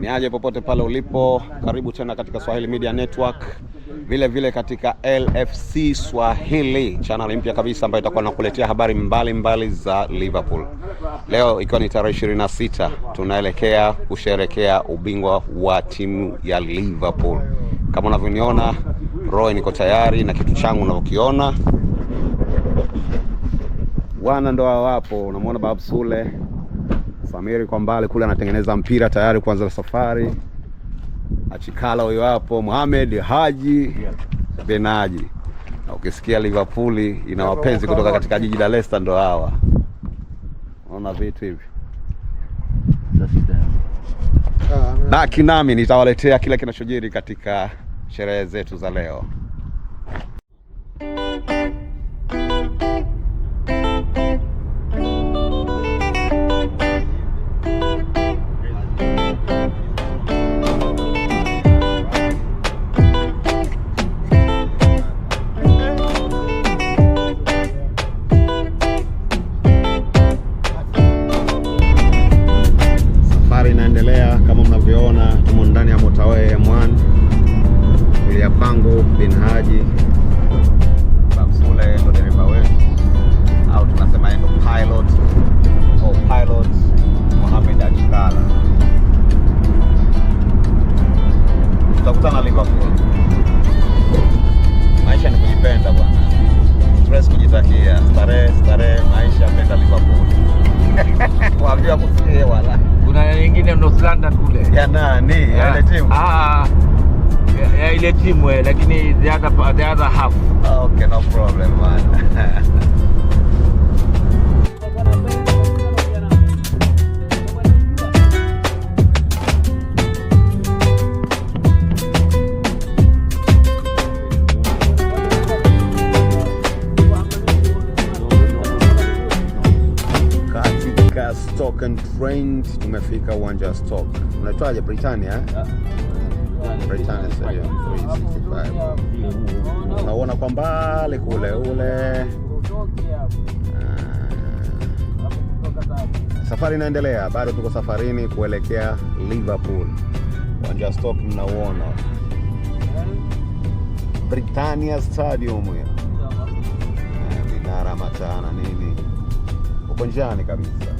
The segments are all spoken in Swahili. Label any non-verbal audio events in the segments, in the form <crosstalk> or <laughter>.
ni aje popote pale ulipo, karibu tena katika Swahili Media Network, vile vile katika LFC Swahili channel mpya kabisa ambayo itakuwa nakuletea habari mbalimbali mbali za Liverpool. Leo ikiwa ni tarehe 26, tunaelekea kusherekea ubingwa wa timu ya Liverpool. Kama unavyoniona roho, niko tayari na kitu changu unavyokiona, wana ndo wapo, unamwona Babu Sule Samiri kwa mbali kule anatengeneza mpira tayari kuanza safari. Achikala huyo hapo, Mohamed Haji Benaji. Na ukisikia Liverpool ina wapenzi kutoka katika jiji la Leicester, ndo hawa. Unaona vitu hivi na kinami nitawaletea kila kinachojiri katika sherehe zetu za leo. jana kule ya nani ya ah. ile timu ah ya ile timu eh, lakini the other the other half ah, okay no problem man <laughs> African Friend, tumefika uwanja wa Stock. Unaitwaje Britania? Eh? Britania Stadium 365. kwa mbali kule ule. Ah. Safari inaendelea, bado tuko safarini kuelekea Liverpool. Uwanja wa Stock mnauona, Britania Stadium ya eh, minara matana nini, uko njiani kabisa.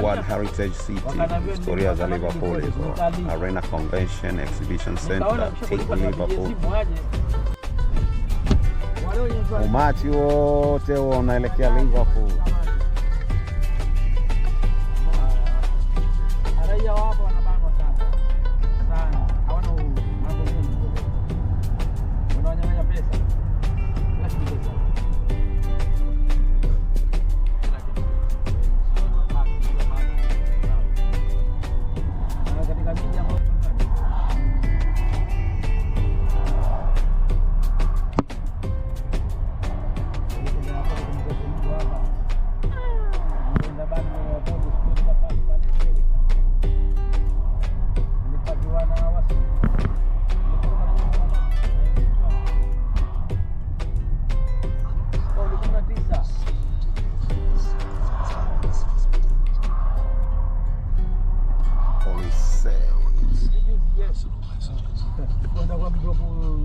World Heritage City, historia za Liverpool hizo, Arena Convention Exhibition Center, Liverpool. Umati wote huo unaelekea Liverpool.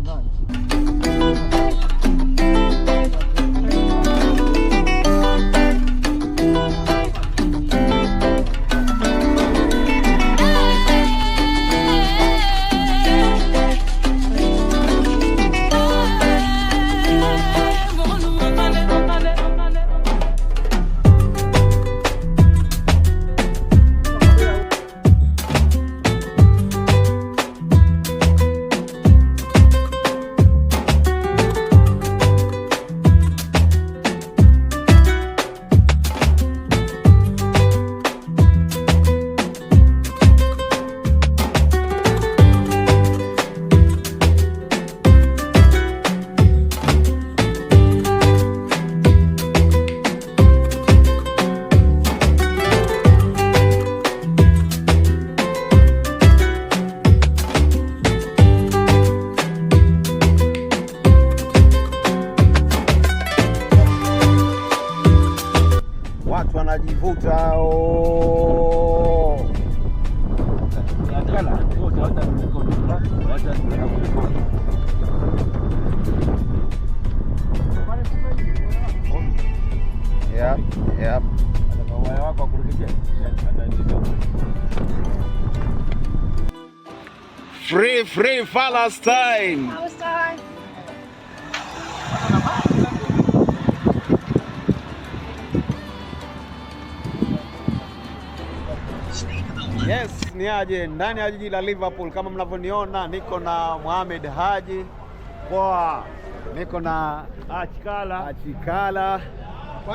Aynen. Free, free Palestine! Palestine! Yes, ni aje ndani ya jiji la Liverpool kama mnavyoniona, niko na Mohamed Haji poa, niko na Achikala, Achikala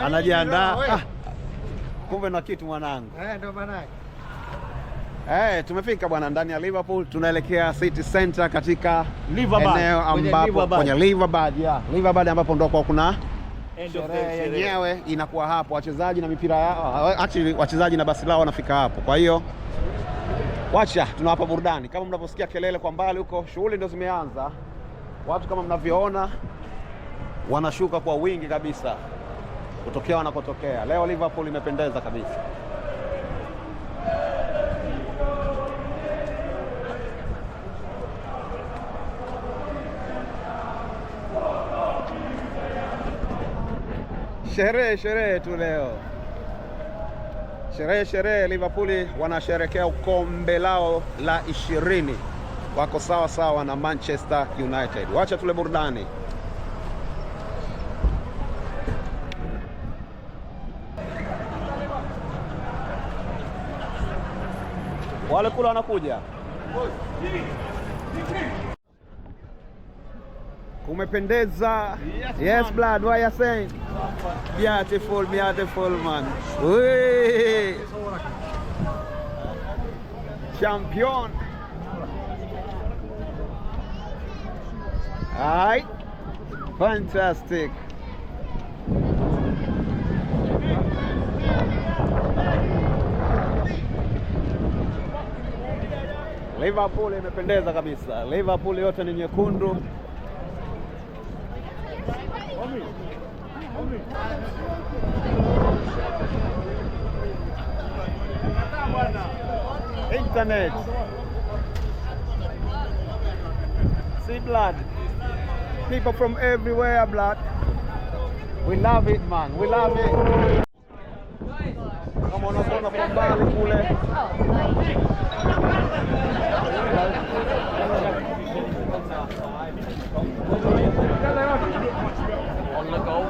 anajiandaa ah, kumbe na kitu mwanangu eh, ndio manake Eh, tumefika bwana ndani ya Liverpool, tunaelekea City Center katika Liverpool. Eneo ambapo kwenye Liverpool, yeah. Liverpool ambapo ndio kwa kuna sherehe yenyewe inakuwa hapo, wachezaji na mipira yao, actually wachezaji na basi lao wanafika hapo, kwa hiyo Wacha tunawapa burudani kama mnavyosikia kelele kwa mbali huko, shughuli ndio zimeanza. Watu kama mnavyoona wanashuka kwa wingi kabisa kutokea wanakotokea. Leo Liverpool imependeza kabisa. Sherehe sherehe tu leo. Sherehe sherehe, Liverpool wanasherekea kombe lao la ishirini, wako sawa sawa na Manchester United. Wacha tule burudani. Wale kula wanakuja Kumependeza. Yes, yes blood, why you saying? Beautiful, beautiful man. Champion. Aight. Fantastic. Liverpool imependeza kabisa. Liverpool yote ni nyekundu. Internet. See blood. People from everywhere, blood. We love it, man. We love it. on, unaona kwa mbali kule. Thank you. on the goal.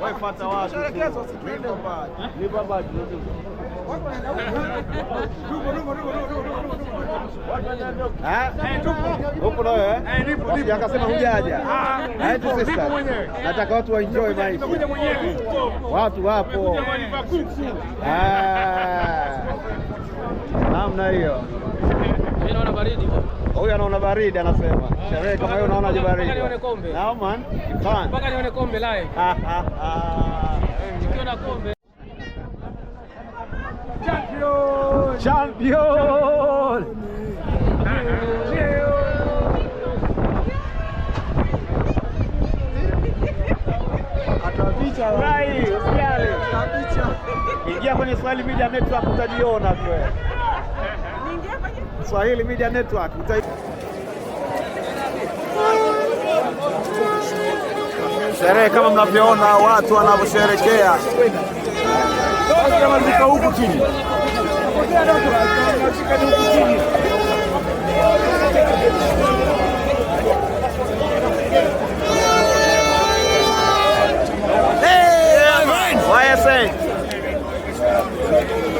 Waifata watu. Akasema hujaja. Nataka watu wa enjoy maisha. Watu wapo. Namna hiyo baridi. Huyu anaona baridi anasema. Ah. Sherehe kama hiyo unaona je baridi? Mpaka nione kombe. Naam, mpaka nione kombe live. Nikiona kombe. Champion! Champion! Ingia kwenye Swahili Media Network utajiona kweli. Swahili Media Network. Sherehe kama mnavyoona watu wanavyosherekea huku chini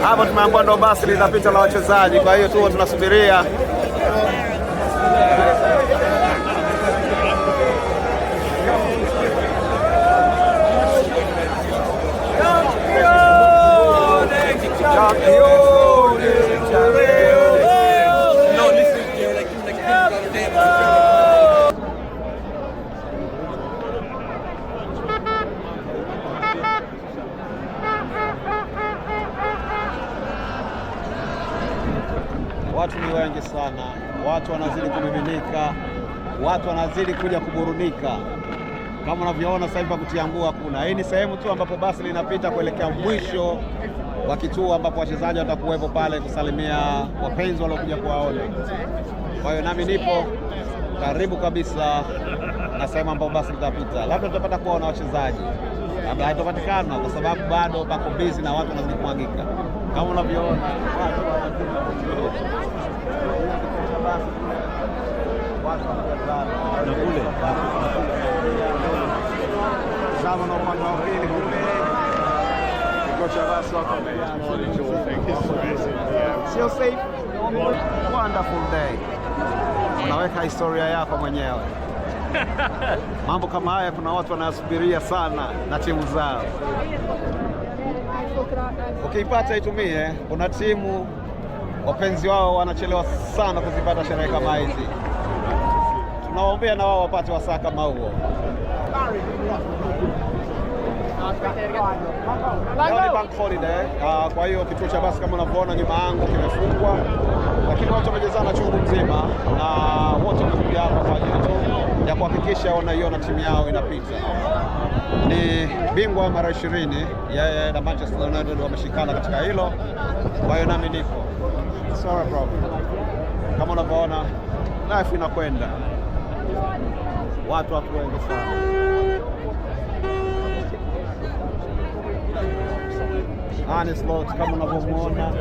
hapo tumeambiwa ndo basi litapita la wachezaji, kwa hiyo tu tunasubiria Champion. watu ni wengi sana, watu wanazidi kumiminika, watu wanazidi kuja kuburudika. Kama unavyoona sasa hivi pakutia nguo hakuna. Hii ni sehemu tu ambapo basi linapita kuelekea mwisho wa kituo ambapo wachezaji watakuwepo pale kusalimia wapenzi waliokuja kuwaona. Kwa hiyo nami nipo karibu kabisa na sehemu ambapo basi litapita, labda tutapata kuwaona wachezaji, labda haitopatikana kwa sababu bado pako bizi na watu wanazidi kumwagika. Vamos no avião. Na pule. Zavano pa na okili pule. Cochabamba só Sio safe. Wonderful day. Unaweka historia yako mwenyewe. Mambo kama haya kuna watu wanasubiria sana na timu zao. ukiipata itumie. Eh. Kuna timu wapenzi wao wanachelewa sana kuzipata sherehe kama hizi, tunawaombea na wao wapate wasaa kama huo. Leo ni bank holiday, eh. ah, kwa hiyo kituo cha basi kama unavyoona nyuma yangu kimefungwa, lakini watu wamejazana chungu mzima na wote wamekuja hapa kwa ajili tu ya kuhakikisha wanaiona timu yao inapita ni bingwa mara 20 yeye na Manchester United wameshikana katika hilo. Kwa hiyo nami nipo sawa bro, Kama unavyoona life inakwenda, watu watu wengi sana ah, kama unavyomuona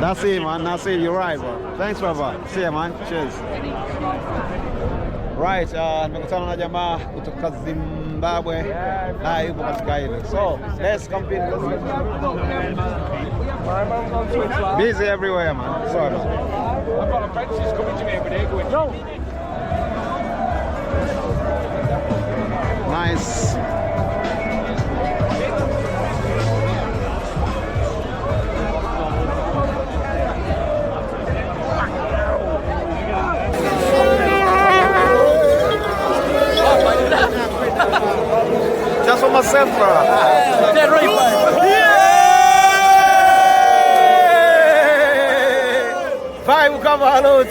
that's it man that's it you're right bro thanks brother. see you man cheers Right, uh, nimekutana na jamaa kutoka Zimbabwe na yuko katika ile. So, let's come in. Busy everywhere man. Sorry. I've got a friend who's coming to me every day going, "No." Nice. Palma Central. Vai o Cavalote!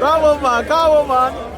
Calma, mano, calma, mano.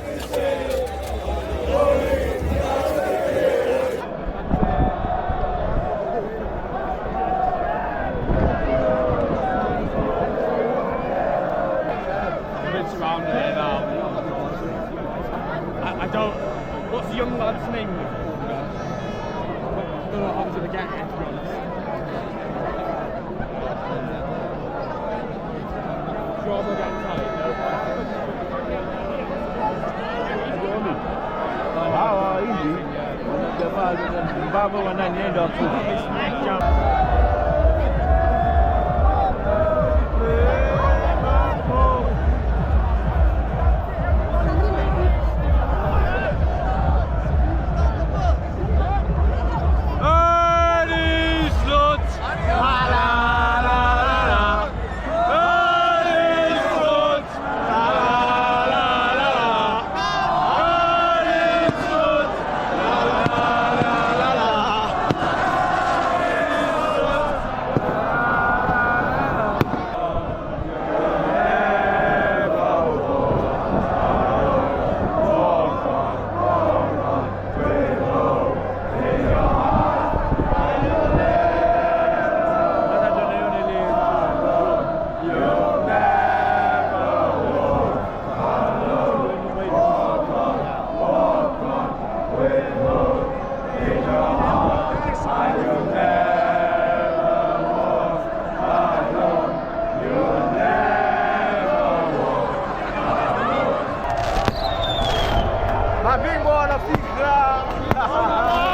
Zimbabwe wananienda wakufu bingwa wanafikra <laughs>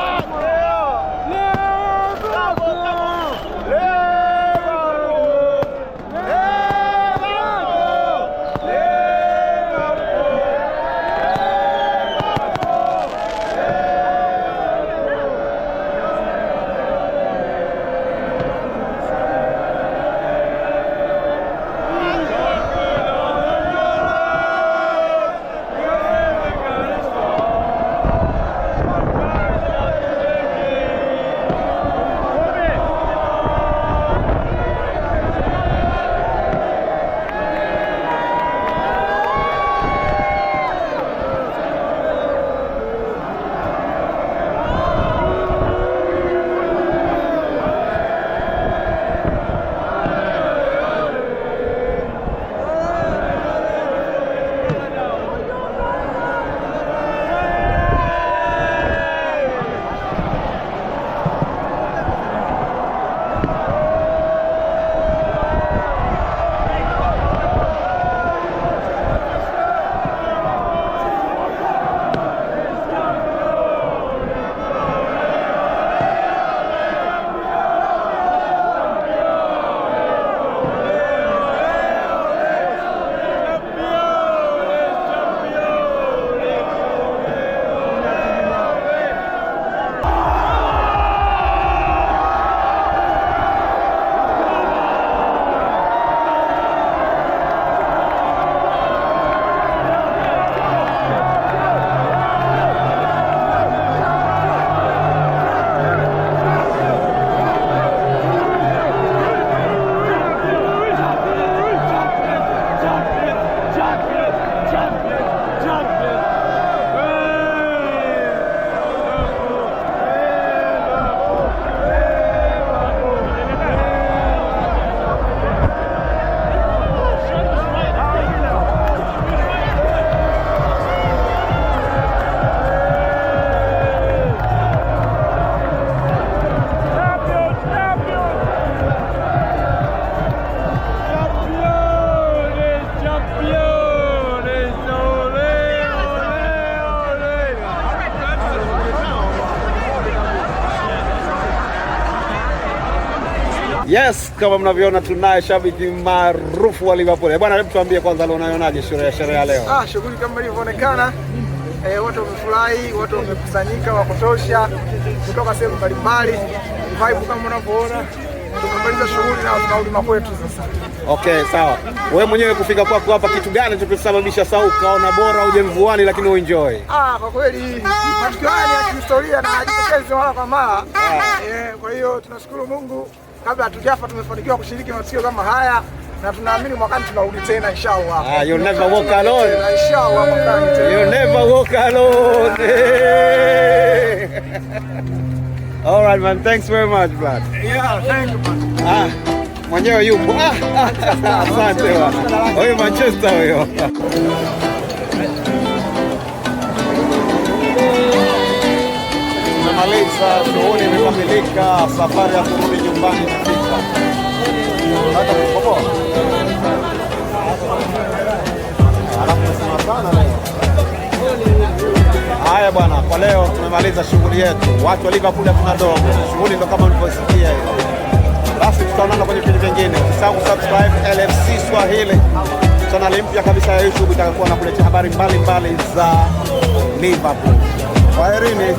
Yes, kama mnavyoona tunaye shabiki maarufu wa Liverpool. Eh, bwana, hebu tuambie kwanza leo unayonaje sherehe ya sherehe ya leo? Ah, shughuli kama ilivyoonekana eh, watu wamefurahi, watu wamekusanyika wa kutosha kutoka sehemu mbalimbali. Vibe kama unavyoona tukamaliza shughuli na tunaulima kwetu sasa. Okay, sawa. Wewe mwenyewe kufika kwako hapa kitu gani tukisababisha saa ukaona bora uje mvuani lakini uenjoy? Ah, kwa kweli matukio haya ni ya kihistoria na yanajitokeza mara kwa mara. Ah. Eh, kwa hiyo tunashukuru Mungu kabla hatujafa tumefanikiwa kushiriki matukio kama haya, na tunaamini mwakani tunarudi tena inshallah. Ah, you'll never walk alone. Inshallah mwakani tena. You'll never walk alone. <laughs> All right man, thanks very much bro. Yeah, thank you man. Ah, mwenyewe yupo. Ah, ah, ah, ah asante bwana. Huyo Manchester huyo. Tumemaliza, shughuli imekamilika, safari ya nyumbani Haya bwana, kwa leo tumemaliza shughuli yetu. Watu wa Liverpool hatuna dogo, shughuli ndo kama mlivyosikia hiyo. Basi tutaonana kwenye vipindi vingine. Usisahau subscribe LFC Swahili, chaneli mpya kabisa ya YouTube na kuletea habari mbalimbali za Liverpool. Kwaherini.